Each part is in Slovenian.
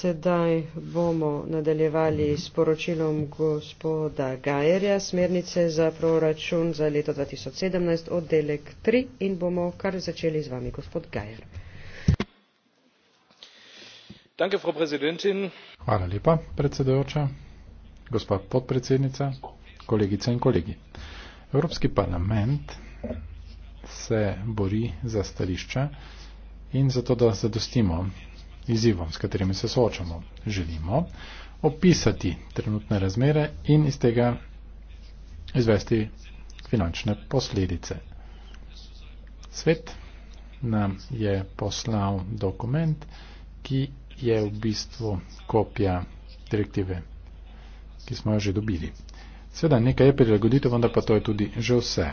Sedaj bomo nadaljevali s poročilom gospoda Gajerja, smernice za proračun za leto 2017, oddelek 3 in bomo kar začeli z vami, gospod Gajer. Hvala lepa, predsedojoča, gospa podpredsednica, kolegice in kolegi. Evropski parlament se bori za stališča in zato, da zadostimo izzivom, s katerimi se soočamo. Želimo opisati trenutne razmere in iz tega izvesti finančne posledice. Svet nam je poslal dokument, ki je v bistvu kopija direktive, ki smo jo že dobili. Sveda nekaj je prilagoditev, vendar pa to je tudi že vse.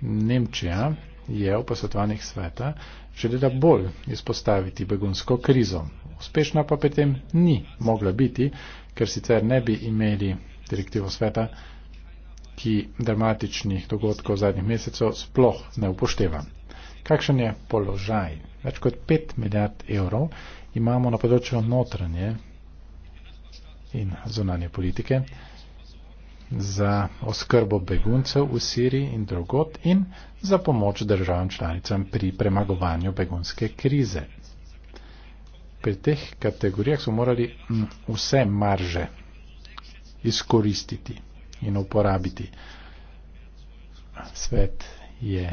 Nemčija je v posvetovanjih sveta želela bolj izpostaviti begunsko krizo. Uspešna pa potem ni mogla biti, ker sicer ne bi imeli direktivo sveta, ki dramatičnih dogodkov zadnjih mesecev sploh ne upošteva. Kakšen je položaj? Več kot 5 milijard evrov imamo na področju notranje in zunanje politike za oskrbo beguncev v Siriji in drugot in za pomoč državam članicam pri premagovanju begunske krize. Pri teh kategorijah so morali vse marže izkoristiti in uporabiti. Svet je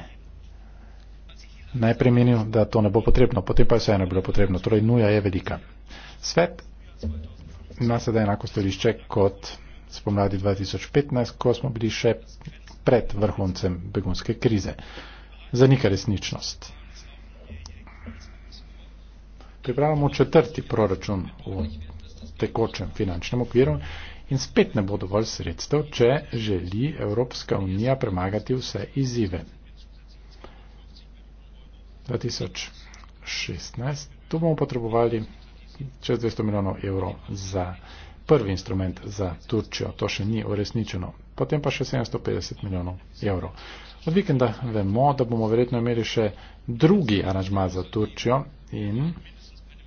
najprej menil, da to ne bo potrebno, potem pa je vseeno bilo potrebno. Torej, nuja je velika. Svet ima sedaj enako stališče kot spomladi 2015, ko smo bili še pred vrhuncem begunske krize. Zanika resničnost. Pripravljamo četrti proračun v tekočem finančnem okviru in spet ne bo dovolj sredstev, če želi Evropska unija premagati vse izzive. 2016. Tu bomo potrebovali čez 200 milijonov evrov za prvi instrument za Turčijo. To še ni uresničeno. Potem pa še 750 milijonov evrov. Od vikenda vemo, da bomo verjetno imeli še drugi aranžma za Turčijo in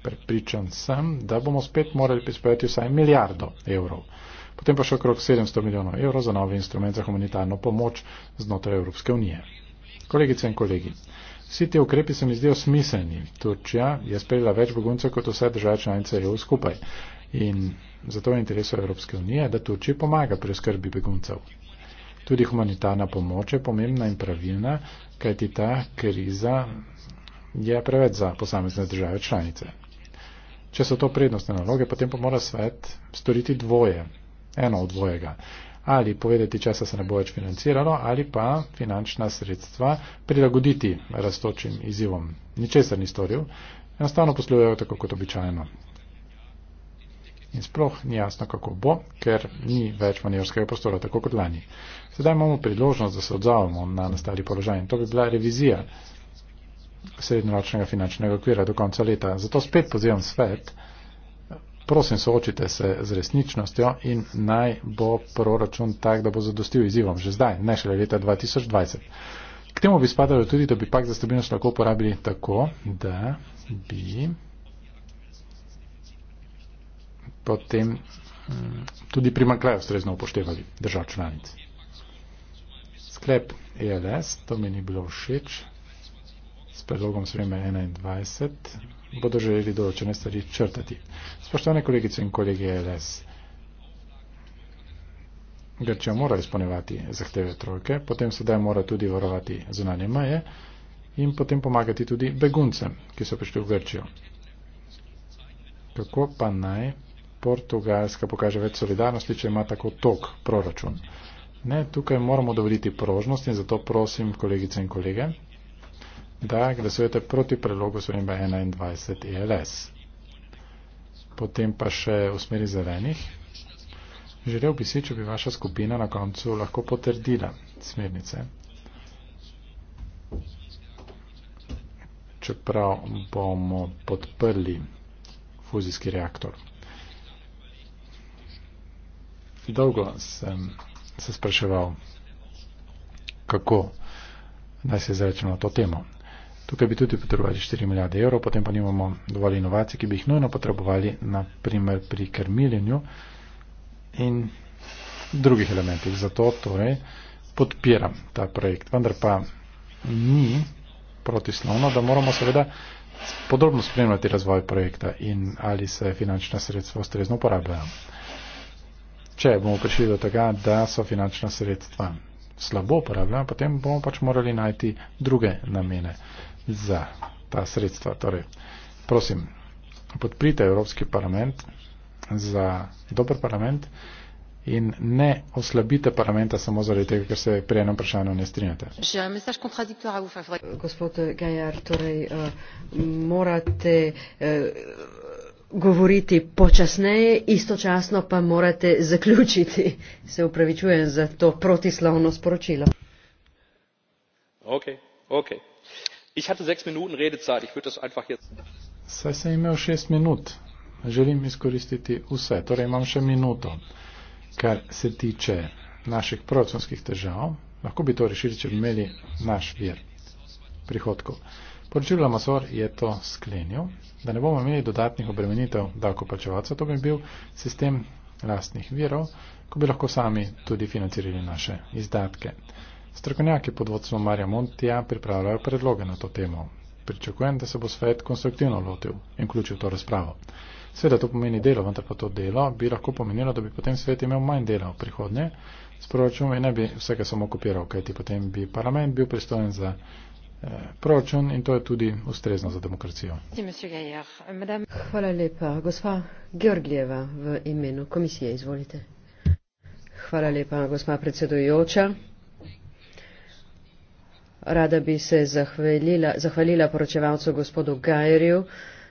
prepričan sem, da bomo spet morali prispevati vsaj milijardo evrov. Potem pa še okrog 700 milijonov evrov za novi instrument za humanitarno pomoč znotraj Evropske unije. Kolegice in kolegi, vsi ti ukrepi se mi zdijo smiselni. Turčija je sprejela več beguncev kot vse države članice EU skupaj. In Zato je interes Evropske unije, da Turčija pomaga pri skrbi beguncev. Tudi humanitarna pomoč je pomembna in pravilna, kajti ta kriza je preveč za posamezne države članice. Če so to prednostne naloge, potem pa mora svet storiti dvoje, eno od dvojega. Ali povedati, česa se ne bo več financiralo, ali pa finančna sredstva prilagoditi rastočim izzivom. Ničesar ni storil, enostavno poslujejo tako kot običajno in sploh ni jasno, kako bo, ker ni več manjerskega prostora, tako kot lani. Sedaj imamo priložnost, da se odzovemo na nastali položaj in to bi bila revizija srednjeročnega finančnega okvira do konca leta. Zato spet pozivam svet, prosim, soočite se z resničnostjo in naj bo proračun tak, da bo zadostil izzivom že zdaj, ne šele leta 2020. K temu bi spadalo tudi, da bi pak za stabilnost lahko uporabili tako, da bi potem mm, tudi primankljaj ustrezno upoštevali držav članic. Sklep ELS, to mi ni bilo všeč, s predlogom sveme 21 bodo želeli določene stvari črtati. Spoštovane kolegice in kolegi ELS, Grčija mora izpolnjevati zahteve trojke, potem sedaj mora tudi varovati zunanje meje in potem pomagati tudi beguncem, ki so prišli v Grčijo. Kako pa naj Portugalska pokaže več solidarnosti, če ima tako tok proračun. Ne, tukaj moramo dovoliti prožnost in zato prosim kolegice in kolege, da glasujete proti predlogu Svojimba 21 ILS. Potem pa še v smeri zelenih. Želel bi si, če bi vaša skupina na koncu lahko potrdila smernice. Čeprav bomo podprli fuzijski reaktor dolgo sem se spraševal, kako naj se izrečemo to temo. Tukaj bi tudi potrebovali 4 milijarde evrov, potem pa nimamo dovolj inovacij, ki bi jih nujno potrebovali, naprimer pri krmiljenju in drugih elementih. Zato torej podpiram ta projekt. Vendar pa ni protislovno, da moramo seveda podrobno spremljati razvoj projekta in ali se finančna sredstva ustrezno uporabljajo če bomo prišli do tega, da so finančna sredstva slabo uporabljena, potem bomo pač morali najti druge namene za ta sredstva. Torej, prosim, podprite Evropski parlament za dober parlament in ne oslabite parlamenta samo zaradi tega, ker se pri enem vprašanju ne strinjate. Gospod Gajar, torej, uh, morate. Uh, govoriti počasneje, istočasno pa morate zaključiti. Se upravičujem za to protislovno sporočilo. Ok, ok. Ich hatte sechs Minuten Redezeit, ich würde das einfach jetzt. Saj sem imel šest minut, želim izkoristiti vse, torej imam še minuto. Kar se tiče naših proračunskih težav, lahko bi to rešili, če bi imeli naš vir prihodkov. Poročil Lamasor je to sklenil, da ne bomo imeli dodatnih obremenitev davkoplačevalca, to bi bil sistem lastnih virov, ko bi lahko sami tudi financirali naše izdatke. Strokovnjaki pod vodstvom Marja Montija pripravljajo predloge na to temo. Pričakujem, da se bo svet konstruktivno lotil in vključil to razpravo. Sveda to pomeni delo, vendar pa to delo bi lahko pomenilo, da bi potem svet imel manj dela v prihodnje s proračunom in ne bi vsega samo kopiral, kajti potem bi parlament bil pristojen za Eh, proračun in to je tudi ustrezno za demokracijo. Euh, Hvala lepa. Gospa Georgijeva v imenu komisije, izvolite. Hvala lepa, gospa predsedujoča. Rada bi se zahvalila, zahvalila poročevalcu gospodu Gajerju,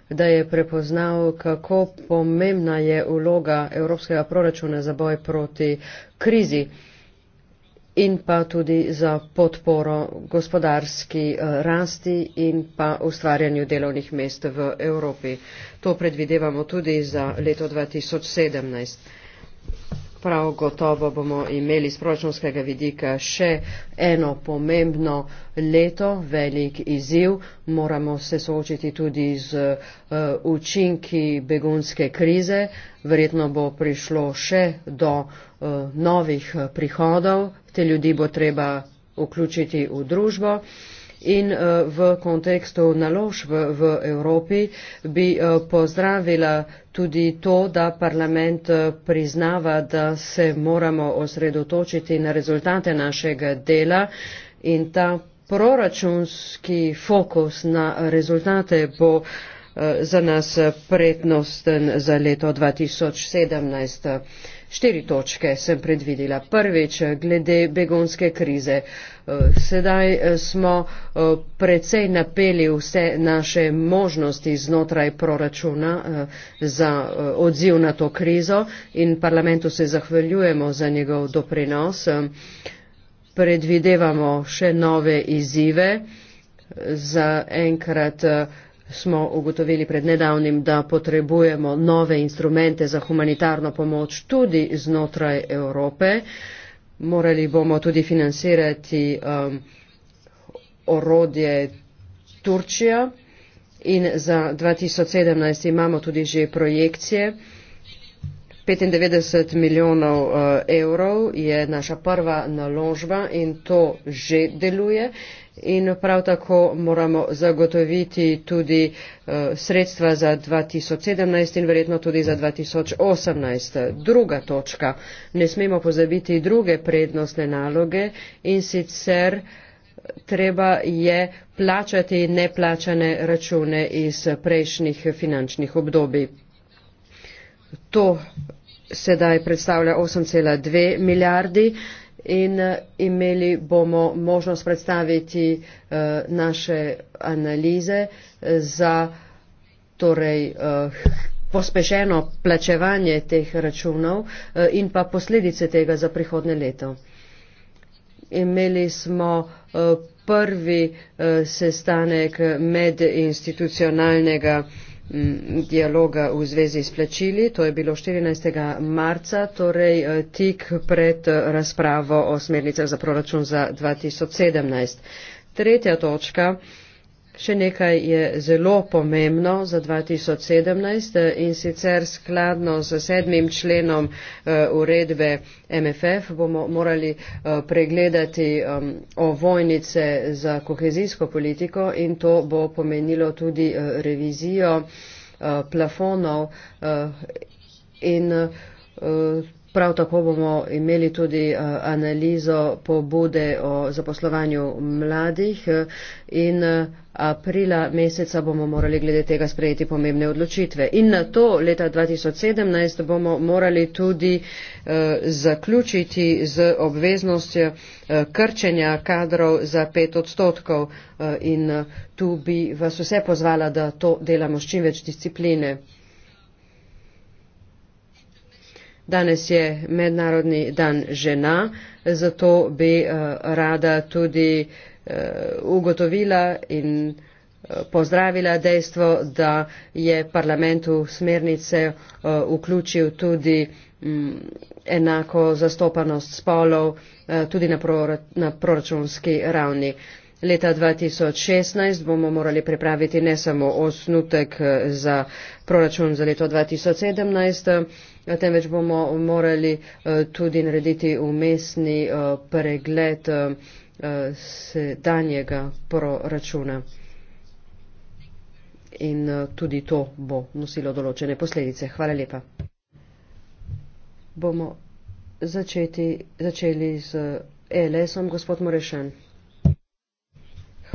da je prepoznal, kako pomembna je uloga evropskega proračuna za boj proti krizi in pa tudi za podporo gospodarski eh, rasti in pa ustvarjanju delovnih mest v Evropi. To predvidevamo tudi za leto 2017. Prav gotovo bomo imeli z proračunskega vidika še eno pomembno leto, velik izziv. Moramo se soočiti tudi z uh, učinki begunske krize. Verjetno bo prišlo še do uh, novih prihodov, te ljudi bo treba vključiti v družbo. In eh, v kontekstu naložb v Evropi bi eh, pozdravila tudi to, da parlament eh, priznava, da se moramo osredotočiti na rezultate našega dela in ta proračunski fokus na rezultate bo za nas prednosten za leto 2017. Štiri točke sem predvidela. Prvič, glede begonske krize. Eh, sedaj eh, smo eh, precej napeli vse naše možnosti znotraj proračuna za odziv na to krizo in parlamentu se zahvaljujemo za njegov doprinos. Predvidevamo še nove izzive. Za enkrat smo ugotovili pred nedavnim, da potrebujemo nove instrumente za humanitarno pomoč tudi znotraj Evrope. Morali bomo tudi financirati um, orodje Turčija in za 2017 imamo tudi že projekcije. 95 milijonov eh, evrov je naša prva naložba in to že deluje. In prav tako moramo zagotoviti tudi eh, sredstva za 2017 in verjetno tudi za 2018. Druga točka. Ne smemo pozabiti druge prednostne naloge in sicer eh, treba je plačati neplačane račune iz prejšnjih finančnih obdobij to sedaj predstavlja 8,2 milijardi in eh, imeli bomo možnost predstaviti uh, naše analize eh, za torej, uh, pospešeno plačevanje teh računov uh, in pa posledice tega za prihodne leto. Imeli smo uh, prvi uh, sestanek medinstitucionalnega uh, dialoga v zvezi s plačili. To je bilo 14. marca, torej eh, tik pred eh, razpravo o smernicah za proračun za 2017. Tretja točka. Še nekaj je zelo pomembno za 2017 eh, in sicer skladno s sedmim členom eh, uredbe MFF bomo morali eh, pregledati ovojnice za kohezijsko politiko in to bo pomenilo tudi revizijo plafonov in Prav tako bomo imeli tudi eh, analizo pobude o zaposlovanju mladih eh, in eh, aprila meseca bomo morali glede tega sprejeti pomembne odločitve. In na to leta 2017 bomo morali tudi zaključiti z obveznostjo krčenja kadrov za pet odstotkov in tu bi vas vse pozvala, da to delamo s čim več discipline. Danes je mednarodni dan žena, zato bi eh, rada tudi eh, ugotovila in eh, pozdravila dejstvo, da je parlament v smernice vključil tudi mm, enako zastopanost spolov tudi na proračunski ravni. Leta 2016 bomo morali pripraviti ne samo osnutek eh, za proračun za leto 2017, eh, temveč bomo morali eh, tudi narediti umestni pregled sedanjega proračuna. In tudi to bo nosilo določene posledice. Hvala lepa. Bomo začeti, začeli z LS-om, gospod Morešen.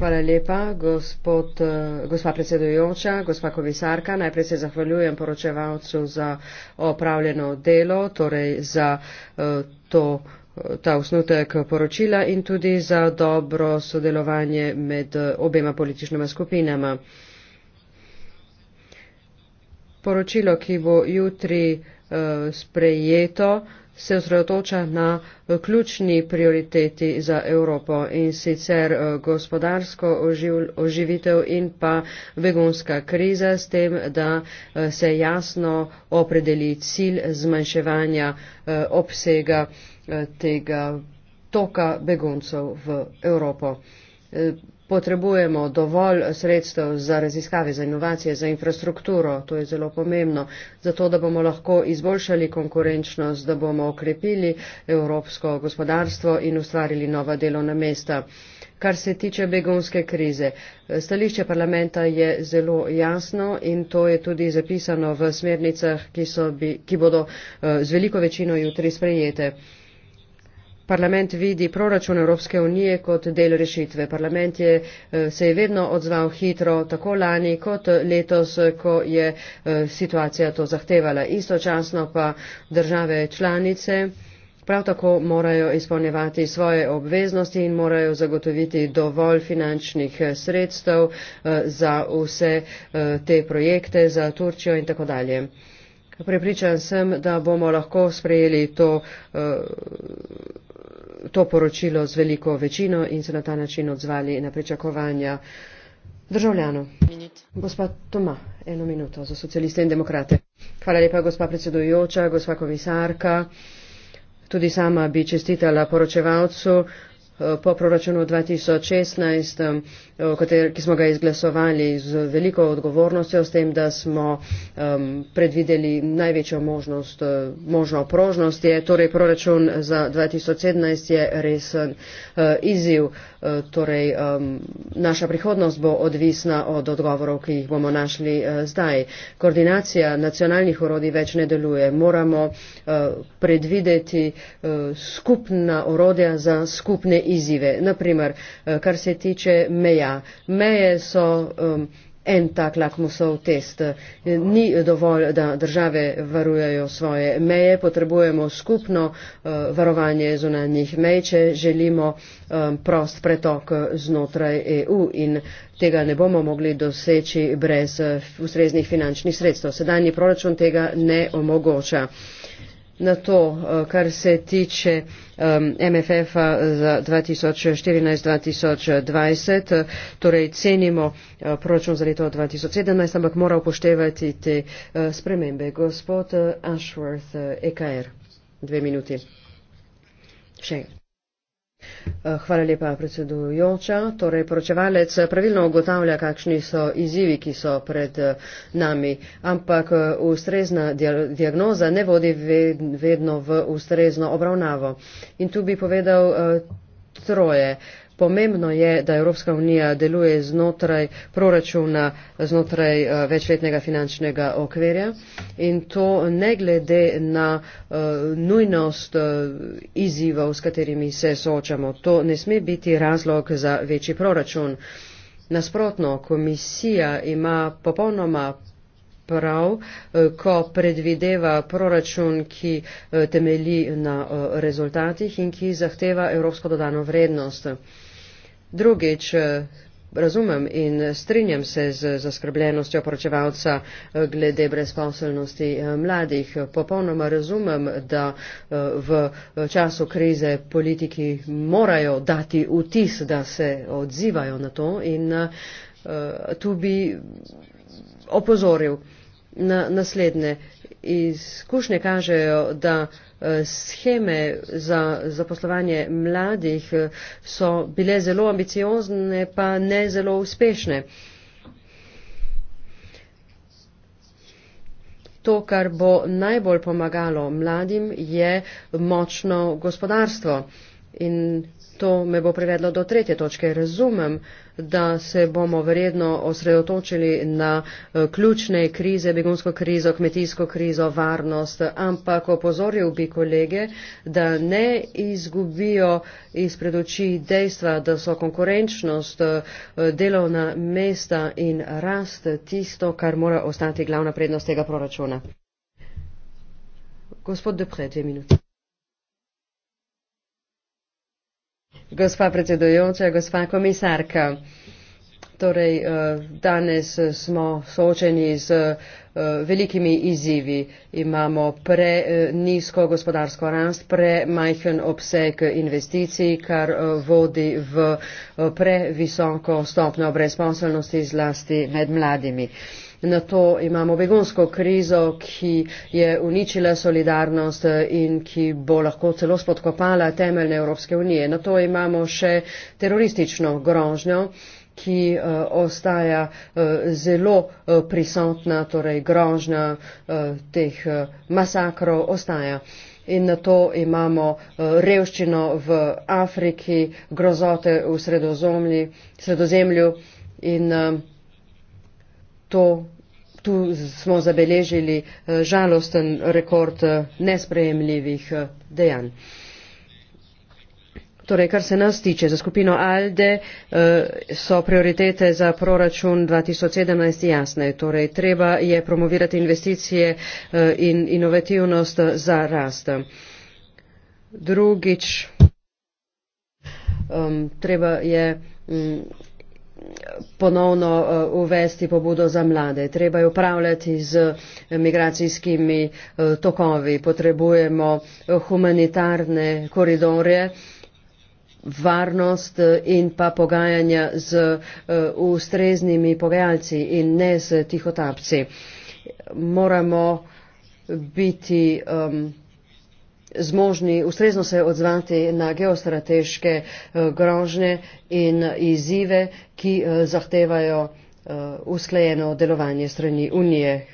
Hvala lepa, gospod, eh, gospa predsedujoča, gospa komisarka. Najprej se zahvaljujem poročevalcu za opravljeno delo, torej za eh, to, eh, ta osnutek poročila in tudi za dobro sodelovanje med obema političnima skupinama. Poročilo, ki bo jutri sprejeto, se osredotoča na eh, ključni prioriteti za Evropo in sicer eh, gospodarsko oživ, oživitev in pa begunska kriza s tem, da eh, se jasno opredeli cilj zmanjševanja obsega tega toka beguncev v Evropo potrebujemo dovolj sredstev za raziskave, za inovacije, za infrastrukturo, to je zelo pomembno, zato da bomo lahko izboljšali konkurenčnost, da bomo okrepili evropsko gospodarstvo in ustvarili nova delovna mesta. Kar se tiče begonske krize, stališče parlamenta je zelo jasno in to je tudi zapisano v smernicah, ki, bi, ki bodo eh, z veliko večino jutri sprejete parlament vidi proračun Evropske unije kot del rešitve. Parlament je, eh, se je vedno odzval hitro, tako lani kot letos, ko je eh, situacija to zahtevala. Istočasno pa države članice. Prav tako morajo izpolnjevati svoje obveznosti in morajo zagotoviti dovolj finančnih eh, sredstev za vse te projekte, za Turčijo in tako dalje. Prepričan sem, da bomo lahko sprejeli to to poročilo z veliko večino in se na ta način odzvali na pričakovanja državljanov. Gospa Toma, eno minuto za socialiste in demokrate. Hvala lepa, gospa predsedujoča, gospa komisarka. Tudi sama bi čestitala poročevalcu eh, po proračunu 2016. Eh, ki smo ga izglasovali z veliko odgovornostjo, s tem, da smo um, predvideli največjo možnost, eh, možno prožnost. Je, torej, proračun za 2017 je resen uh, izziv. Uh, torej, um, naša prihodnost bo odvisna od odgovorov, ki jih bomo našli uh, zdaj. Koordinacija nacionalnih orodij več ne deluje. Moramo uh, predvideti uh, skupna orodja za skupne izzive. Naprimer, uh, kar se tiče meja meje so um, en tak lakmusov test. Ni dovolj, da države varujejo svoje meje, potrebujemo skupno uh, varovanje zunanjih mej, če želimo um, prost pretok uh, znotraj EU in tega ne bomo mogli doseči brez uh, ustreznih finančnih sredstev. Sedanji proračun tega ne omogoča. Uh, na to, eh, kar se tiče MFF-a za 2014-2020. Torej, cenimo eh, proračun za leto 2017, ampak mora upoštevati te eh, spremembe. Gospod Ashworth, EKR, e dve minuti. Še enkrat. Eh, hvala lepa, predsedujoča. Torej, poročevalec pravilno ugotavlja, kakšni so izzivi, ki so pred eh, nami, ampak eh, ustrezna diagnoza ne vodi vedno v ustrezno obravnavo. In tu bi povedal troje. Pomembno je, da Evropska unija deluje znotraj proračuna, znotraj eh, večletnega finančnega okverja in to ne glede na eh, nujnost eh, izzivov, s katerimi se soočamo. To ne sme biti razlog za večji proračun. Nasprotno, komisija ima popolnoma prav, ko predvideva proračun, ki temelji na rezultatih in ki zahteva evropsko dodano vrednost. Drugič, eh, razumem in strinjam se z zaskrbljenostjo poročevalca eh, glede brezposelnosti eh, mladih. Popolnoma razumem, da v času krize politiki morajo dati vtis, da se odzivajo na to in tu bi opozoril na naslednje. Izkušnje kažejo, da Eh, scheme za zaposlovanje mladih eh, so bile zelo ambiciozne, pa ne zelo uspešne. To, kar bo najbolj pomagalo mladim, je močno gospodarstvo. In To me bo privedlo do tretje točke. Razumem, da se bomo verjetno osredotočili na eh, ključne krize, begunsko krizo, kmetijsko krizo, varnost, ampak opozoril bi kolege, da ne izgubijo izpred oči dejstva, da so konkurenčnost, eh, delovna mesta in rast tisto, kar mora ostati glavna prednost tega proračuna. Gospod Depre, dve minuti. Gospa predsedujoča, gospa komisarka, torej eh, danes eh, smo soočeni z eh, velikimi izzivi. Imamo pre nizko gospodarsko rast, pre majhen obseg investicij, kar vodi v previsoko stopno brezposelnosti zlasti med mladimi. Na to imamo begonsko krizo, ki je uničila solidarnost eh, in ki bo lahko celo spodkopala temeljne Evropske unije. Na to imamo še teroristično grožnjo ki eh, ostaja eh, zelo prisotna, torej grožnja teh masakrov ostaja. In na to imamo revščino v Afriki, grozote v sredozemlju in to, tu smo zabeležili eh, žalosten rekord eh, nesprejemljivih eh, dejanj. Torej, kar se nas tiče, za skupino ALDE so prioritete za proračun 2017 jasne. Torej, treba je promovirati investicije in inovativnost za rast. Drugič, ehm, treba je mm, ponovno eh, uvesti pobudo za mlade. Treba je upravljati z migracijskimi eh, tokovi, potrebujemo eh, humanitarne koridorje, varnost in pa pogajanja z ustreznimi pogajalci in ne z tihotapci. Moramo biti um, zmožni ustrezno se odzvati na geostrateške eh, grožnje in izzive, ki eh, zahtevajo eh, usklejeno delovanje strani Unije.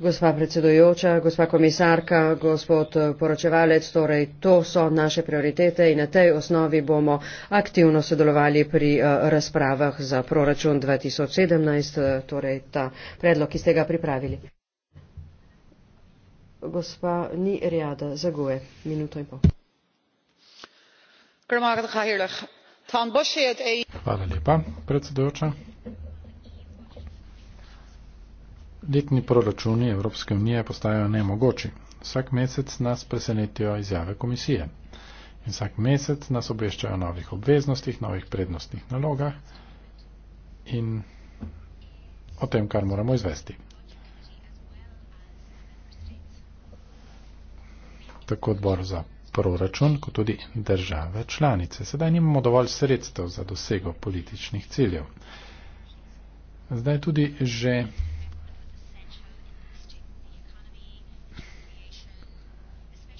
Gospa predsedujoča, gospa komisarka, gospod poročevalec, torej to so naše prioritete in na tej osnovi bomo aktivno sodelovali pri razpravah za proračun 2017, torej ta predlog, ki ste ga pripravili gospa ni riada zague minuto in pol Hvala lepa, predsedujoča. Letni proračuni Evropske unije postajajo nemogoči. Vsak mesec nas presenetijo izjave komisije. In vsak mesec nas obveščajo o novih obveznostih, novih prednostnih nalogah in o tem, kar moramo izvesti. tako odbor za proračun, kot tudi države članice. Sedaj nimamo dovolj sredstev za dosego političnih ciljev. Zdaj tudi že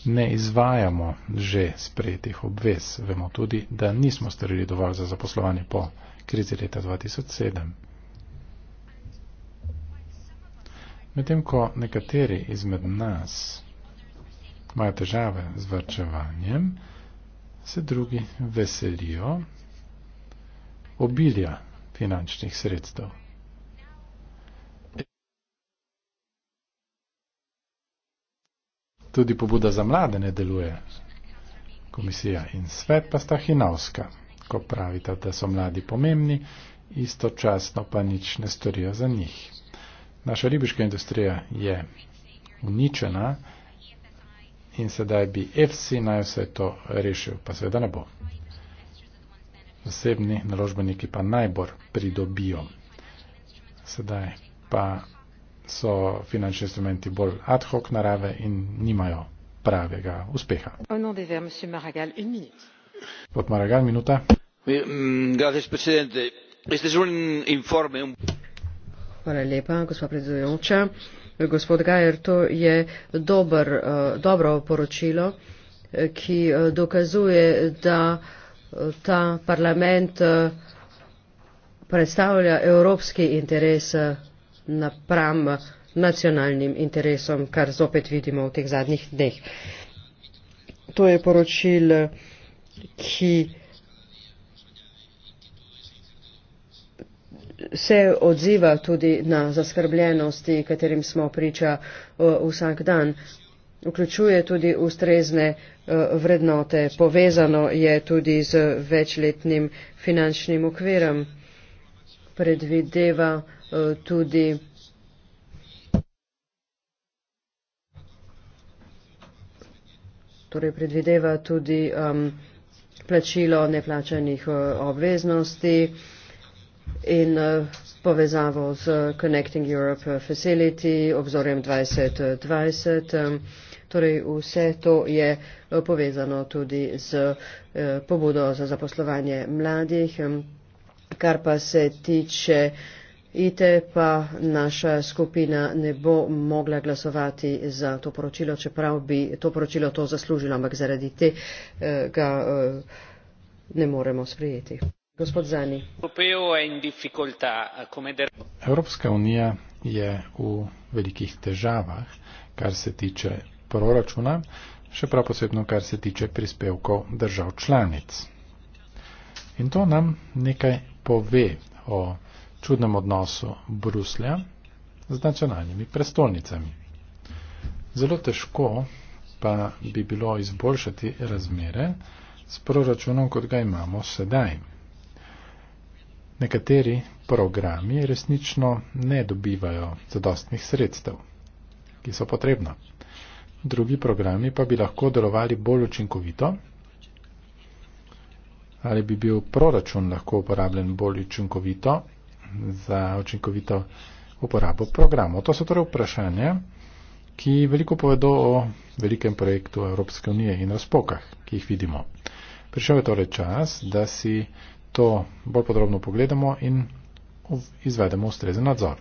ne izvajamo že sprejetih obvez. Vemo tudi, da nismo storili dovolj za zaposlovanje po krizi leta 2007. Medtem ko nekateri izmed nas imajo težave z varčevanjem, se drugi veselijo obilja finančnih sredstev. Tudi pobuda za mlade ne deluje. Komisija in svet pa sta hinavska, ko pravita, da so mladi pomembni, istočasno pa nič ne storijo za njih. Naša ribiška industrija je uničena, in sedaj bi FC naj vse to rešil, pa seveda ne bo. Osebni naložbeniki pa najbolj pridobijo. Sedaj pa so finančni instrumenti bolj ad hoc narave in nimajo pravega uspeha. Pod Maragal, minuta. Mm, gracias, presidente. Este es un informe. Un... Hvala lepa, gospod predsedujoča. Gospod Gajer, to je dober, eh, dobro poročilo, eh, ki eh, dokazuje, da ta parlament predstavlja evropski interes napram nacionalnim interesom, kar zopet vidimo v teh zadnjih dneh. To je poročil, ki se odziva tudi na zaskrbljenosti, katerim smo priča eh, vsak dan. Vključuje tudi ustrezne eh, vrednote, povezano je tudi z večletnim finančnim okvirom. Predvideva eh, tudi. Torej predvideva tudi um, plačilo neplačanih uh, obveznosti. Uh, in eh, povezavo z Connecting Europe Facility, obzorjem 2020. Torej vse to je eh, povezano tudi z eh, pobudo za zaposlovanje mladih. Kar pa se tiče IT, pa naša skupina ne bo mogla glasovati za to poročilo, čeprav bi to poročilo to zaslužilo, ampak zaradi tega ne moremo sprejeti. Evropska unija je v velikih težavah, kar se tiče proračuna, še prav posebno, kar se tiče prispevkov držav članic. In to nam nekaj pove o čudnem odnosu Bruslja z nacionalnimi prestolnicami. Zelo težko pa bi bilo izboljšati razmere s proračunom, kot ga imamo sedaj nekateri programi resnično ne dobivajo zadostnih sredstev, ki so potrebna. Drugi programi pa bi lahko delovali bolj učinkovito. Ali bi bil proračun lahko uporabljen bolj učinkovito za učinkovito uporabo programov? To so torej vprašanja, ki veliko povedo o velikem projektu Evropske unije in razpokah, ki jih vidimo. Prišel je torej čas, da si to bolj podrobno pogledamo in izvedemo ustrezen nadzor.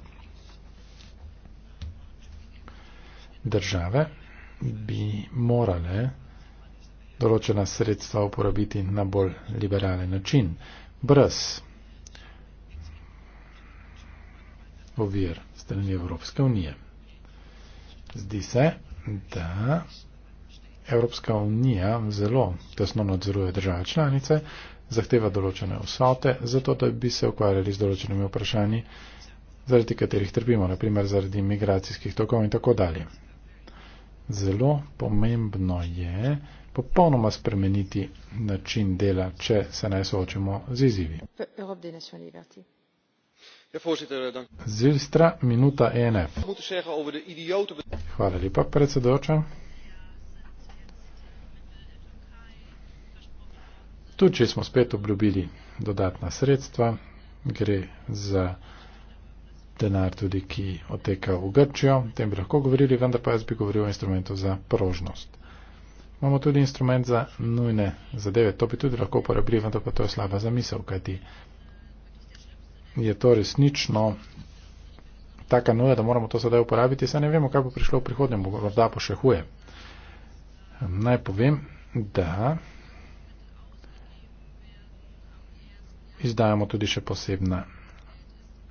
Države bi morale določena sredstva uporabiti na bolj liberalen način, brez ovir strani Evropske unije. Zdi se, da Evropska unija zelo tesno nadzoruje države članice, zahteva določene vsote, zato da bi se ukvarjali z določenimi vprašanji, zaradi katerih trpimo, naprimer zaradi migracijskih tokov in tako dalje. Zelo pomembno je popolnoma spremeniti način dela, če se naj soočimo z izzivi. Ja, eh, Zilstra, minuta e ENF. Hvala lepa, predsedoča. Tuči smo spet obljubili dodatna sredstva, gre za denar tudi, ki oteka v Grčijo, o tem bi lahko govorili, vendar pa jaz bi govoril o instrumentu za prožnost. Imamo tudi instrument za nujne zadeve, to bi tudi lahko uporabili, vendar pa to je slaba zamisel, kajti je to resnično taka nuja, da moramo to sedaj uporabiti, saj ne vemo, kaj bo prišlo v prihodnjem, morda pa še huje. Naj povem, da izdajamo tudi še posebna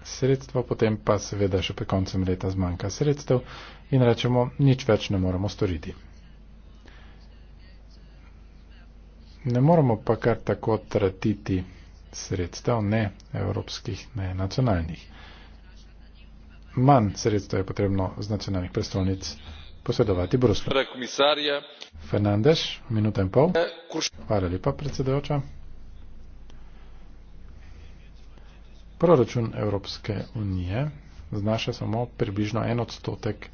sredstva, potem pa seveda še pri koncem leta zmanjka sredstev in rečemo, nič več ne moremo storiti. Ne moremo pa kar tako tratiti sredstev, ne evropskih, ne nacionalnih. Manj sredstev je potrebno z nacionalnih prestolnic posredovati Bruslju. Fernandez, minuta in pol. Hvala lepa, predsedujoča. Proračun Evropske unije znaša samo približno en odstotek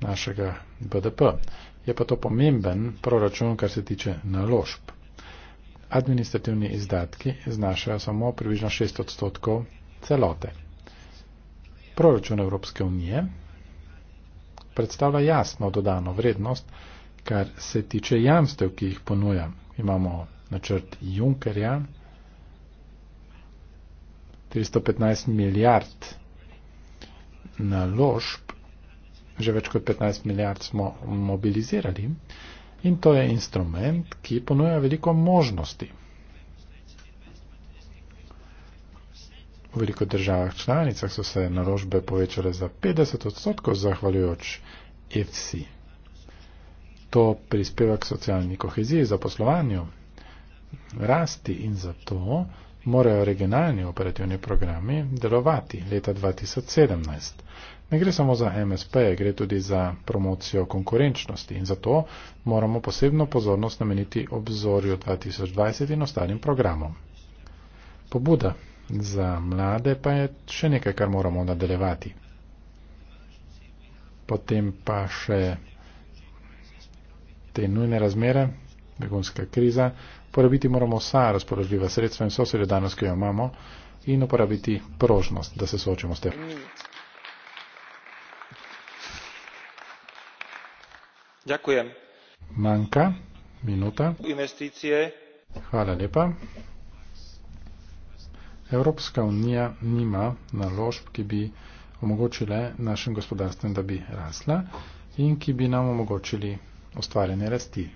našega BDP. Je pa to pomemben proračun, kar se tiče naložb. Administrativni izdatki znašajo samo približno 6 odstotkov celote. Proračun Evropske unije predstavlja jasno dodano vrednost, kar se tiče jamstev, ki jih ponuja. Imamo načrt Junckerja, 315 milijard naložb, že več kot 15 milijard smo mobilizirali in to je instrument, ki ponuja veliko možnosti. V veliko državah članicah so se naložbe povečale za 50 odstotkov zahvaljujoč EFSI. To prispeva k socialni koheziji, zaposlovanju, rasti in zato to morajo regionalni operativni programi delovati leta 2017. Ne gre samo za MSP, gre tudi za promocijo konkurenčnosti in zato moramo posebno pozornost nameniti obzorju 2020 in ostalim programom. Pobuda za mlade pa je še nekaj, kar moramo nadaljevati. Potem pa še te nujne razmere, begunska kriza, porabiti moramo vsa razpoložljiva sredstva in vso solidarnost, ki jo imamo, in uporabiti prožnost, da se soočimo s tem. Dakujem. Manjka minuta. Investicije. Hvala lepa. Evropska unija nima naložb, ki bi omogočile našim gospodarstvom, da bi rasla in ki bi nam omogočili ustvarjanje rasti.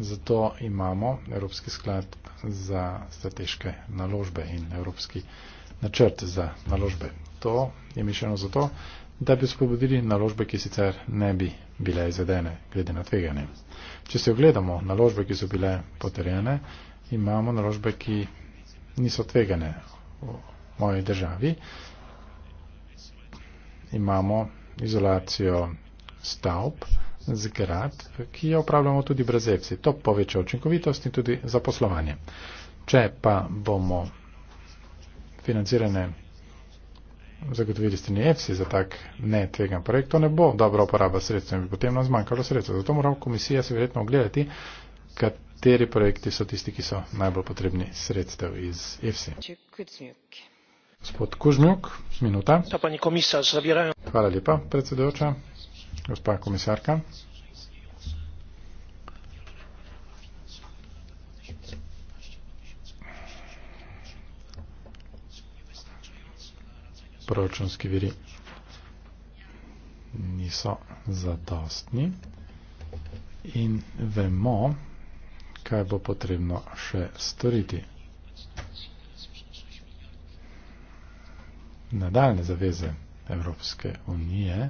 Zato imamo Evropski sklad za strateške naložbe in Evropski načrt za naložbe. To je mišljeno zato, da bi spobodili naložbe, ki sicer ne bi bile izvedene, glede na tveganje. Če se ogledamo naložbe, ki so bile potrjene, imamo naložbe, ki niso tvegane v moji državi. Imamo izolacijo stavb, zgrad, ki jo upravljamo tudi brez EPSI. To poveča učinkovitost in tudi zaposlovanje. Če pa bomo financirane zagotovili strani EPSI za tak netvegan projekt, to ne bo dobra uporaba sredstv in bi potem nam zmanjkalo sredstva. Zato mora komisija se verjetno ogledati, kateri projekti so tisti, ki so najbolj potrebni sredstev iz EPSI. Gospod Kužmjuk, minuta. Hvala lepa, predsedujoča gospa komisarka. Proračunski viri niso zadostni in vemo, kaj bo potrebno še storiti. Nadaljne zaveze Evropske unije,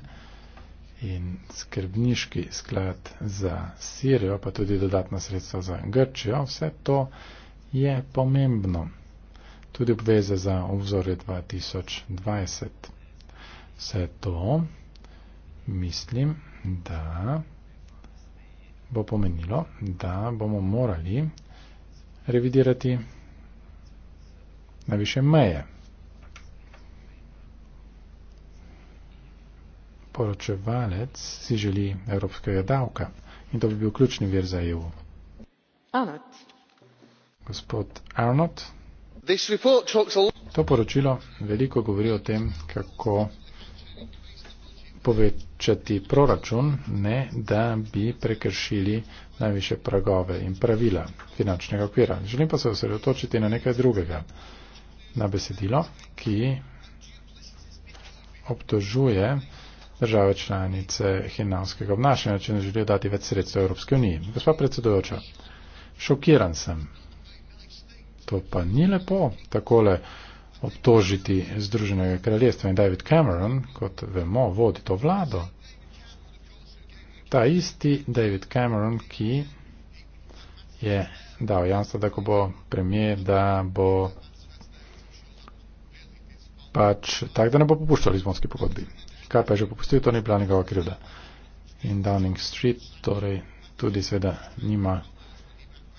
in skrbniški sklad za Sirijo, pa tudi dodatna sredstva za Grčijo, vse to je pomembno. Tudi obveze za obzore 2020. Vse to mislim, da bo pomenilo, da bomo morali revidirati na više meje. poročevalec si želi evropskega davka in to bi bil ključni vir za EU. Arnott. Gospod Arnott. To poročilo veliko govori o tem, kako povečati proračun, ne da bi prekršili najviše pragove in pravila finančnega okvira. Želim pa se osredotočiti na nekaj drugega, na besedilo, ki obtožuje države članice hinavskega obnašanja, če ne želijo dati več sredstev Evropske unije. Gospa predsedujoča, šokiran sem. To pa ni lepo takole obtožiti Združenega kraljestva in David Cameron, kot vemo, vodi to vlado. Ta isti David Cameron, ki je dal jamstvo, da ko bo premijer, da bo pač tak, da ne bo popuščal izbonski pogodbi kaj pa je že popustil, to ni bila njegova krivda. In Downing Street torej tudi seveda nima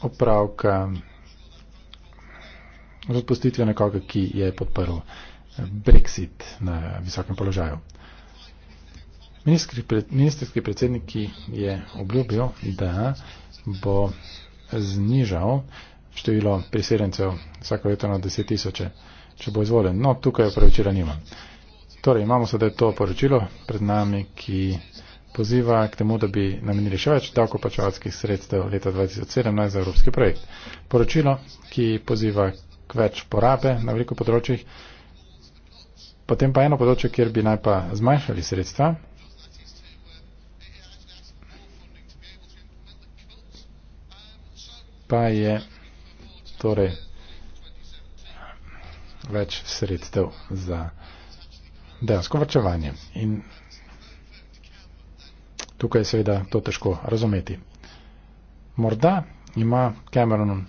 opravka z odpustitvijo nekoga, ki je podprl Brexit na visokem položaju. Ministrski predsednik je obljubil, da bo znižal število priseljencev vsako leto na 10 tisoče, če bo izvoljen. No, tukaj opravičila nimam. Torej, imamo sedaj to poročilo pred nami, ki poziva k temu, da bi namenili še več davkoplačevalskih sredstev leta 2017 za evropski projekt. Poročilo, ki poziva k več porabe na veliko področjih, potem pa eno področje, kjer bi naj pa zmanjšali sredstva. pa je torej več sredstev za dejansko vrčevanje. In tukaj je seveda to težko razumeti. Morda ima Cameron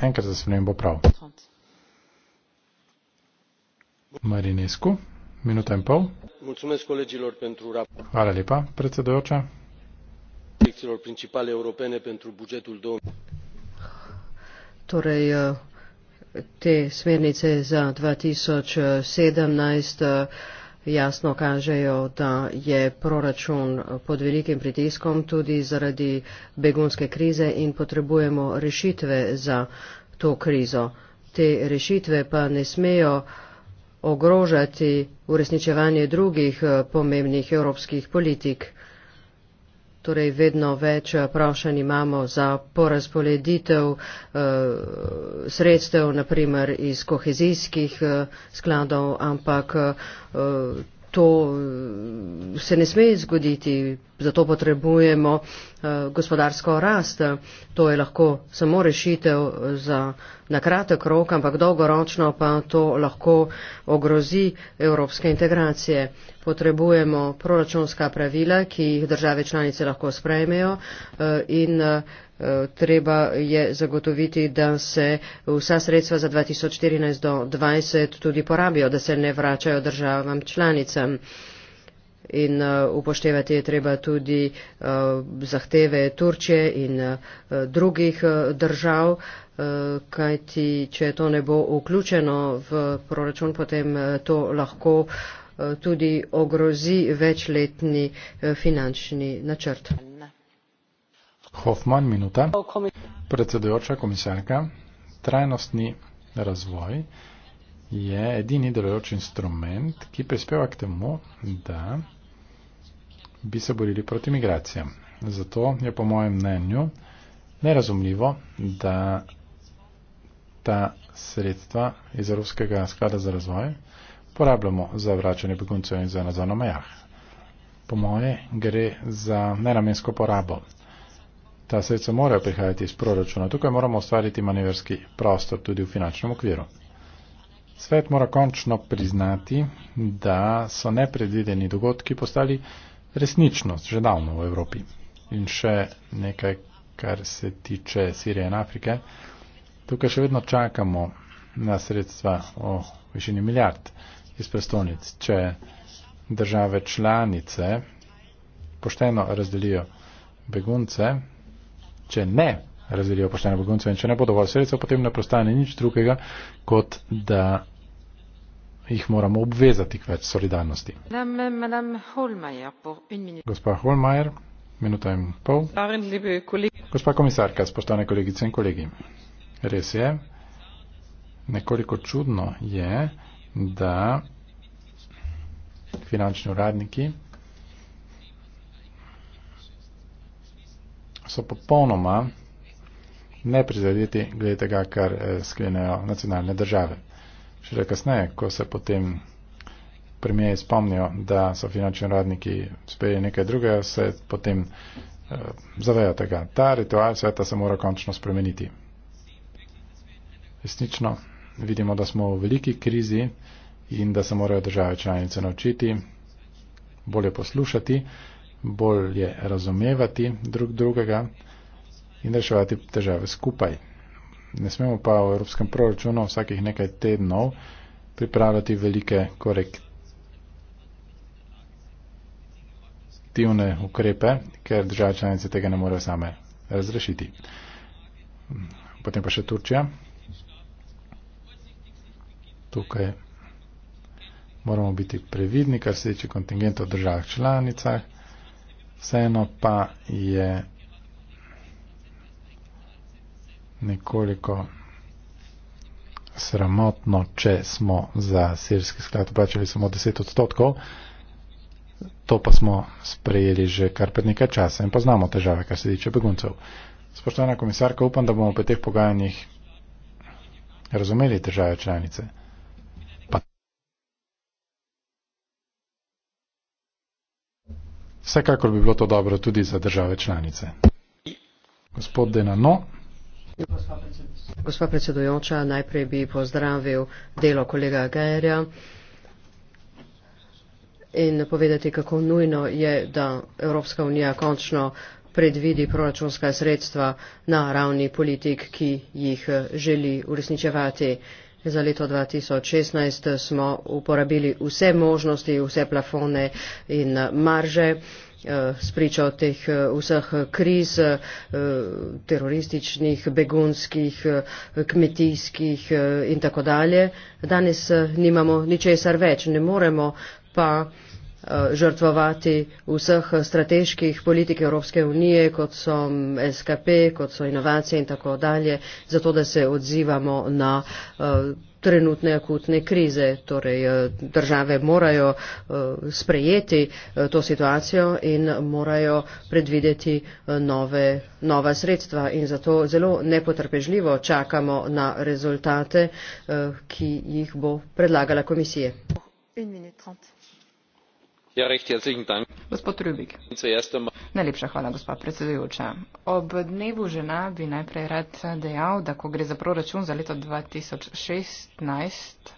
enkrat za spremembo prav. Marinescu, minuta in pol. Mulțumesc colegilor pentru raport. Hvala lepa, predsedujoča. Direcțiilor principale europene pentru bugetul 2017. Torej, eh, te smernice za 2017 jasno kažejo, da je proračun pod velikim pritiskom tudi zaradi begunske krize in potrebujemo rešitve za to krizo. Te rešitve pa ne smejo ogrožati uresničevanje drugih eh, pomembnih evropskih politik. Torej, vedno več eh, prošen imamo za porazporeditev eh, sredstev, naprimer iz kohezijskih eh, skladov, ampak eh, To eh, se ne sme zgoditi, zato potrebujemo eh, gospodarsko rast. To je lahko samo rešitev eh, za na kratek rok, ampak dolgoročno pa to lahko ogrozi evropske integracije. Potrebujemo proračunska pravila, ki jih države članice lahko sprejmejo in treba je zagotoviti, da se vsa sredstva za 2014 do 2020 tudi porabijo, da se ne vračajo državam članicam. In uh, upoštevati je treba tudi uh, zahteve Turčije in uh, drugih držav, kajti če to ne bo vključeno v proračun, potem to lahko tudi ogrozi večletni finančni načrt. Hoffman, minuta. Predsedujoča komisarka, trajnostni razvoj je edini delujoč instrument, ki prispeva k temu, da bi se borili proti migracijam. Zato je po mojem mnenju nerazumljivo, da ta sredstva iz Evropskega sklada za razvoj porabljamo za vračanje beguncev in za nazano mejah. Po moje gre za nenamensko porabo ta sredstva morajo prihajati iz proračuna. Tukaj moramo ustvariti manevrski prostor tudi v finančnem okviru. Svet mora končno priznati, da so nepredvideni dogodki postali resničnost že davno v Evropi. In še nekaj, kar se tiče Sirije in Afrike. Tukaj še vedno čakamo na sredstva o višini milijard iz prestolnic. Če države članice pošteno razdelijo begunce, Če ne razdelijo poštene begunce in če ne bo dovolj sredstva, potem ne prostane nič drugega, kot da jih moramo obvezati k več solidarnosti. Gospa Holmajer, minuta in pol. Gospa komisarka, spoštovane kolegice in kolegi. Res je, nekoliko čudno je, da finančni uradniki so popolnoma neprizadeti glede tega, kar eh, sklenejo nacionalne države. Šele kasneje, ko se potem premijeji spomnijo, da so finančni radniki sprejeli nekaj drugega, se potem eh, zavejo tega. Ta ritual sveta se mora končno spremeniti. Resnično vidimo, da smo v veliki krizi in da se morajo države članice naučiti bolje poslušati bolje razumevati drug drugega in reševati težave skupaj. Ne smemo pa v evropskem proračunu vsakih nekaj tednov pripravljati velike korektivne ukrepe, ker države članice tega ne morejo same razrešiti. Potem pa še Turčija. Tukaj moramo biti previdni, kar se tiče kontingenta v državah članicah vseeno pa je nekoliko sramotno, če smo za sirski sklad plačali samo 10 odstotkov, to pa smo sprejeli že kar pred nekaj časa in poznamo težave, kar se tiče beguncev. Spoštovana komisarka, upam, da bomo pri teh pogajanjih razumeli težave članice. Vsekakor bi bilo to dobro tudi za države članice. Gospod Denano. Gospa predsedujoča, najprej bi pozdravil delo kolega Gajerja in povedati, kako nujno je, da Evropska unija končno predvidi proračunska sredstva na ravni politik, ki jih želi uresničevati. Za leto 2016 smo uporabili vse možnosti, vse plafone in marže. Eh, Spričo teh eh, vseh kriz, eh, terorističnih, begunskih, kmetijskih in tako dalje, danes nimamo ničesar več, ne moremo pa Eh, žrtvovati vseh strateških politik Evropske unije, kot so SKP, kot so inovacije in tako dalje, zato da se odzivamo na eh, trenutne akutne krize. Torej, eh, države morajo sprejeti to situacijo in morajo predvideti nove, nova sredstva. In zato zelo nepotrpežljivo čakamo na rezultate, ki jih bo predlagala komisija. 1 minute 30. Ja, recht herzlichen Dank. Gospod Rübig. Najlepša hvala, gospod predsedujoča. Ob dnevu žena bi najprej rad dejal, da ko gre za proračun za leto 2016,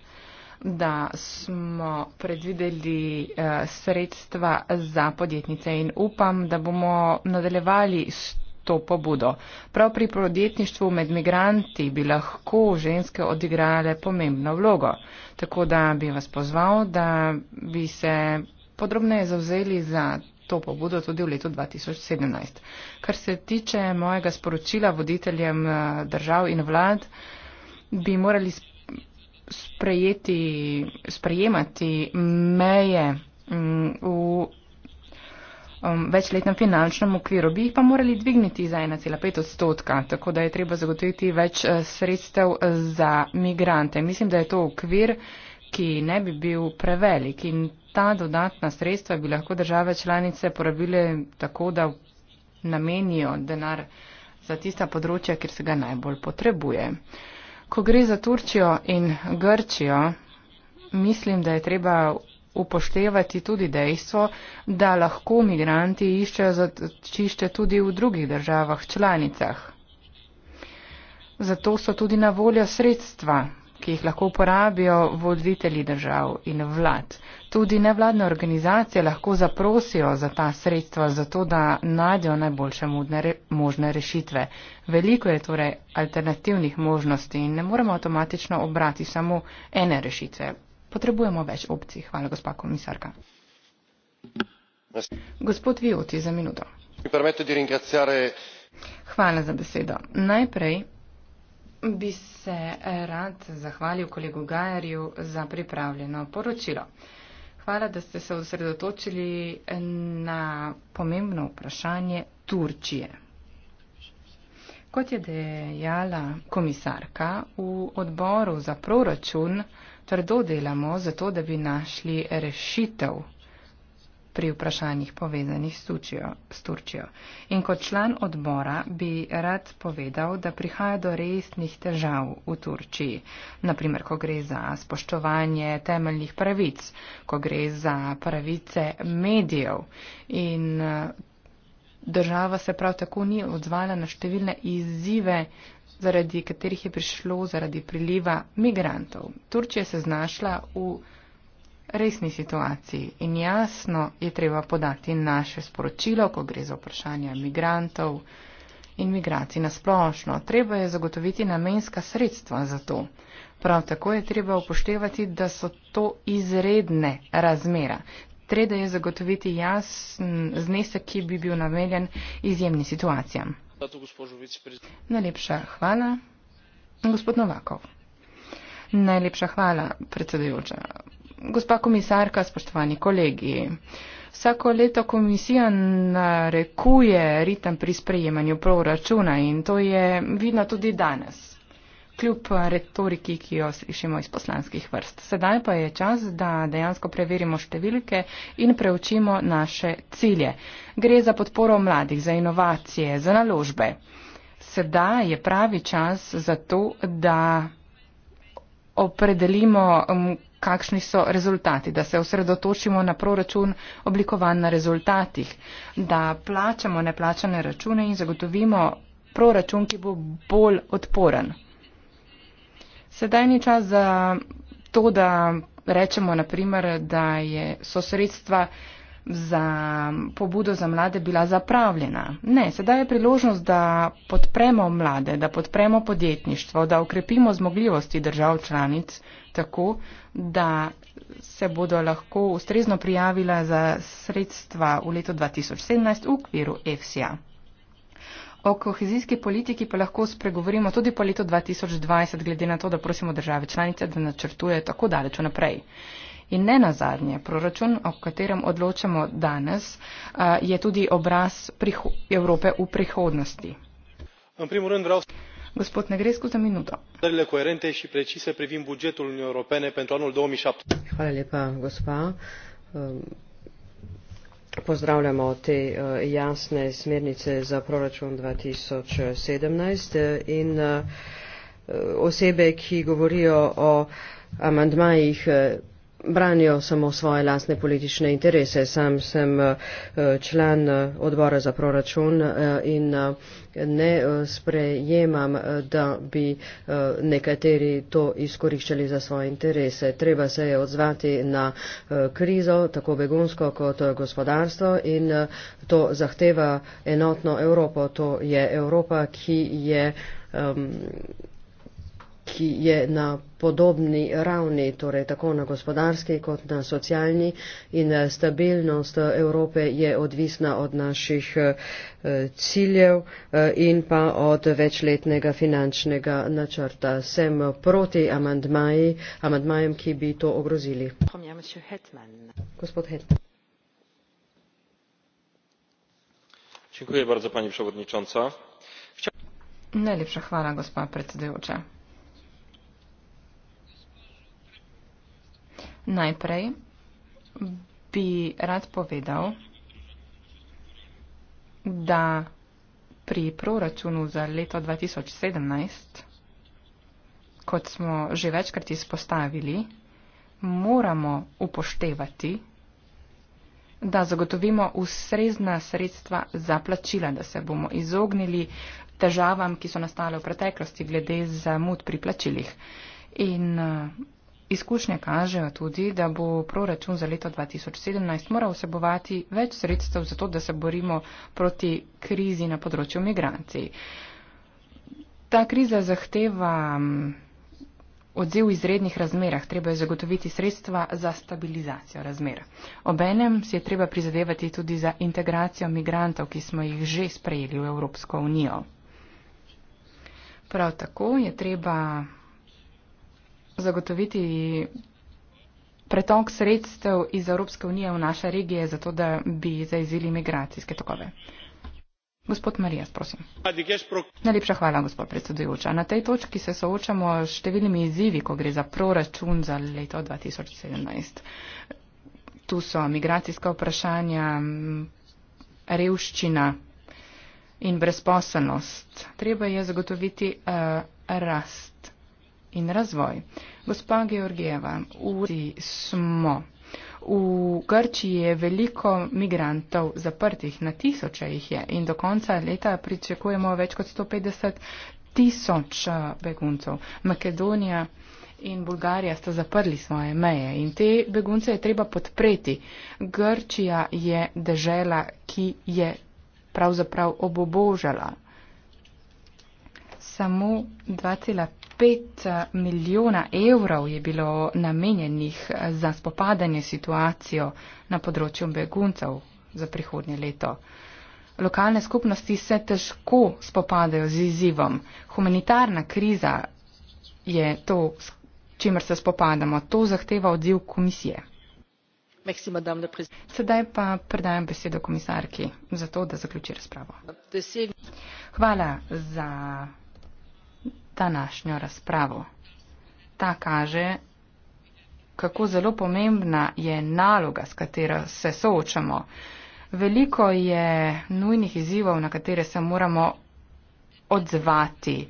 da smo predvideli eh, sredstva za podjetnice in upam, da bomo nadaljevali s to pobudo. Prav pri podjetništvu med migranti bi lahko ženske odigrale pomembno vlogo. Tako da bi vas pozval, da bi se podrobneje zavzeli za to pobudo tudi v letu 2017. Kar se tiče mojega sporočila voditeljem eh, držav in vlad, bi morali sprejeti, sprejemati meje mm, v um, večletnem finančnem okviru. Bi jih pa morali dvigniti za 1,5 odstotka, tako da je treba zagotoviti več eh, sredstev eh, za migrante. Mislim, da je to okvir, ki ne bi bil prevelik in ta dodatna sredstva bi lahko države članice porabile tako, da namenijo denar za tista področja, kjer se ga najbolj potrebuje. Ko gre za Turčijo in Grčijo, mislim, da je treba upoštevati tudi dejstvo, da lahko migranti iščejo zatočišče tudi v drugih državah članicah. Zato so tudi na voljo sredstva, ki jih lahko uporabijo voditelji držav in vlad. Tudi nevladne organizacije lahko zaprosijo za ta sredstva, zato da najdejo najboljše možne rešitve. Veliko je torej alternativnih možnosti in ne moremo avtomatično obrati samo ene rešitve. Potrebujemo več opcij. Hvala, gospa komisarka. Gospod Vijoti, za minuto. Hvala za besedo. Najprej bi se rad zahvalil kolegu Gajarju za pripravljeno poročilo. Hvala, da ste se osredotočili na pomembno vprašanje Turčije. Kot je dejala komisarka, v odboru za proračun trdo delamo za to, da bi našli rešitev pri vprašanjih povezanih s, učijo, s Turčijo. In kot član odbora bi rad povedal, da prihaja do resnih težav v Turčiji. Naprimer, ko gre za spoštovanje temeljnih pravic, ko gre za pravice medijev. In eh, država se prav tako ni odzvala na številne izzive zaradi katerih je prišlo zaradi priliva migrantov. Turčija se znašla v resni situaciji in jasno je treba podati naše sporočilo, ko gre za vprašanje migrantov in migracij na splošno. Treba je zagotoviti namenska sredstva za to. Prav tako je treba upoštevati, da so to izredne razmera. Treba je zagotoviti jasen znesek, ki bi bil namenjen izjemnim situacijam. Najlepša hvala, gospod Novakov. Najlepša hvala, predsedujoča. Gospa komisarka, spoštovani kolegi, vsako leto komisija narekuje ritem pri sprejemanju proračuna in to je vidno tudi danes, kljub retoriki, ki jo slišimo iz poslanskih vrst. Sedaj pa je čas, da dejansko preverimo številke in preučimo naše cilje. Gre za podporo mladih, za inovacije, za naložbe. Sedaj je pravi čas za to, da opredelimo. Um, kakšni so rezultati, da se osredotočimo na proračun oblikovan na rezultatih, da plačamo neplačane račune in zagotovimo proračun, ki bo bolj odporen. Sedaj ni čas za to, da rečemo naprimer, da je, so sredstva za pobudo za mlade bila zapravljena. Ne, sedaj je priložnost, da podpremo mlade, da podpremo podjetništvo, da okrepimo zmogljivosti držav članic tako, da se bodo lahko ustrezno prijavila za sredstva v letu 2017 v okviru EFSIA. O kohezijski politiki pa lahko spregovorimo tudi po letu 2020, glede na to, da prosimo države članice, da načrtuje tako daleč vnaprej. naprej. In ne nazadnje, proračun, o katerem odločamo danes, je tudi obraz Evrope v prihodnosti. Gospod Negresko, za minuto. Hvala lepa, gospa. Um, pozdravljamo te uh, jasne smernice za proračun 2017 uh, in uh, osebe, ki govorijo o amandmajih branijo samo svoje lastne politične interese. Sam sem eh, član eh, odbora za proračun eh, in ne sprejemam, da bi nekateri to izkoriščali za svoje interese. Treba se je odzvati na krizo, tako begunsko kot gospodarstvo in to zahteva enotno Evropo. To je Evropa, ki je. Um, ki je na podobni ravni, torej tako na gospodarski kot na socialni in eh, stabilnost eh, Evrope je odvisna od naših eh, ciljev in pa od večletnega finančnega načrta. Sem proti amandmaji, amandmajem, ki bi to ogrozili. Gospod Hetman. Dziękuję bardzo Pani Przewodnicząca. Chcia... Najlepsza chwała, gospa Przewodnicząca. Najprej bi rad povedal, da pri proračunu za leto 2017, kot smo že večkrat izpostavili, moramo upoštevati, da zagotovimo ustrezna sredstva za plačila, da se bomo izognili težavam, ki so nastale v preteklosti glede zamud pri plačilih. In Izkušnje kažejo tudi, da bo proračun za leto 2017 moral vsebovati več sredstev za to, da se borimo proti krizi na področju migracij. Ta kriza zahteva mm, odziv v izrednih razmerah, treba je zagotoviti sredstva za stabilizacijo razmer. Obenem si je treba prizadevati tudi za integracijo migrantov, ki smo jih že sprejeli v Evropsko unijo. Prav tako je treba zagotoviti pretok sredstev iz Evropske unije v naše regije, zato da bi zaizili migracijske tokove. Gospod Marijas, prosim. Najlepša hvala, gospod predsedujoča. Na tej točki se soočamo s številnimi izzivi, ko gre za proračun za leto 2017. Tu so migracijska vprašanja, revščina in brezposelnost. Treba je zagotoviti uh, rast in razvoj. Gospa Georgijeva, v Uri smo. V Grčiji je veliko migrantov zaprtih, na tisoče jih je in do konca leta pričakujemo več kot 150 tisoč eh, beguncev. Makedonija in Bulgarija sta zaprli svoje meje in te begunce je treba podpreti. Grčija je država, ki je pravzaprav obobožala. Samo 5 eh, milijona evrov je bilo namenjenih eh, za spopadanje situacijo na področju beguncev za prihodnje leto. Lokalne skupnosti se težko spopadajo z izzivom. Humanitarna kriza je to, s čimer se spopadamo. To zahteva odziv komisije. Sedaj pa predajam besedo komisarki, zato da zaključi razpravo. Hvala za današnjo razpravo. Ta kaže, kako zelo pomembna je naloga, s katero se soočamo. Veliko je nujnih izzivov, na katere se moramo odzvati.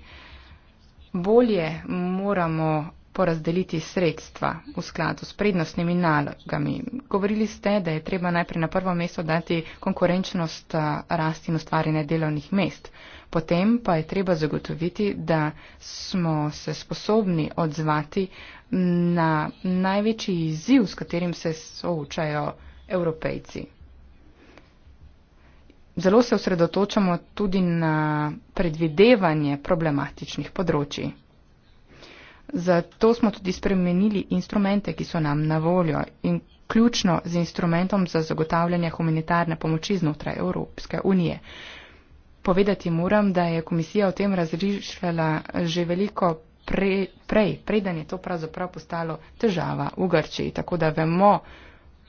Bolje moramo porazdeliti sredstva v skladu s prednostnimi nalogami. Govorili ste, da je treba najprej na prvo mesto dati konkurenčnost eh, rasti in ustvarjanje delovnih mest. Potem pa je treba zagotoviti, da smo se sposobni odzvati na največji izziv, s katerim se soočajo evropejci. Zelo se osredotočamo tudi na predvidevanje problematičnih področji. Zato smo tudi spremenili instrumente, ki so nam na voljo in ključno z instrumentom za zagotavljanje humanitarne pomoči znotraj Evropske unije. Povedati moram, da je komisija o tem razrišljala že veliko pre, prej, preden je to pravzaprav postalo težava v Grčiji, tako da vemo,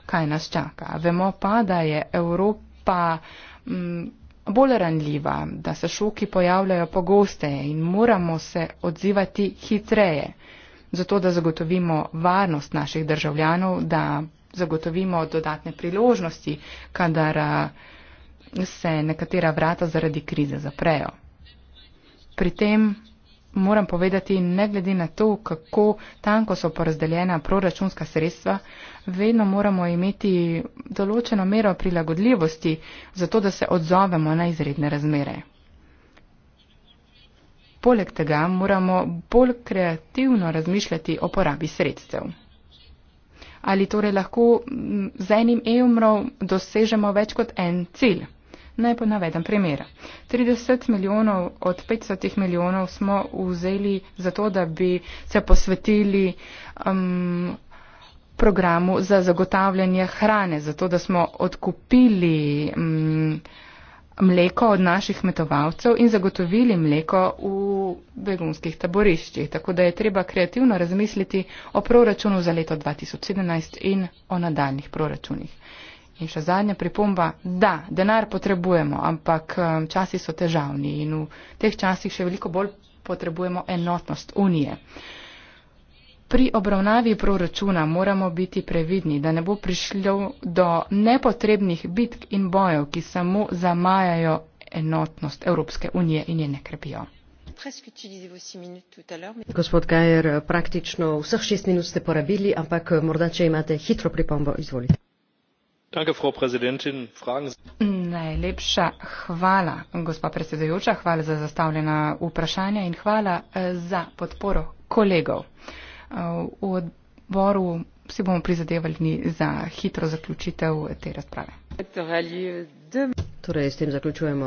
kaj nas čaka. Vemo pa, da je Evropa. M, mm, bolj ranljiva, da se šoki pojavljajo pogosteje in moramo se odzivati hitreje, zato da zagotovimo varnost naših državljanov, da zagotovimo dodatne priložnosti, kadar eh, se nekatera vrata zaradi krize zaprejo. Pri tem moram povedati, ne glede na to, kako tanko so porazdeljena proračunska sredstva, vedno moramo imeti določeno mero prilagodljivosti, zato da se odzovemo na izredne razmere. Poleg tega moramo bolj kreativno razmišljati o porabi sredstev. Ali torej lahko z enim evrom dosežemo več kot en cilj? Naj pa navedem primer. 30 milijonov od 500 milijonov smo vzeli za to, da bi se posvetili um, programu za zagotavljanje hrane, zato da smo odkupili mm, mleko od naših metovalcev in zagotovili mleko v begunskih taboriščih. Tako da je treba kreativno razmisliti o proračunu za leto 2017 in o nadaljnih proračunih. In še zadnja pripomba, da, denar potrebujemo, ampak mm, časi so težavni in v teh časih še veliko bolj potrebujemo enotnost unije. Pri obravnavi proračuna moramo biti previdni, da ne bo prišlo do nepotrebnih bitk in bojev, ki samo zamajajo enotnost Evropske unije in je ne krepijo. Gospod Gajer, praktično vseh šest minut ste porabili, ampak eh, morda, če imate hitro pripombo, izvolite. Najlepša hvala, gospa predsedujoča, hvala za zastavljena vprašanja in hvala eh, za podporo kolegov. V odboru si bomo prizadevali za hitro zaključitev te razprave. Torej, s tem zaključujemo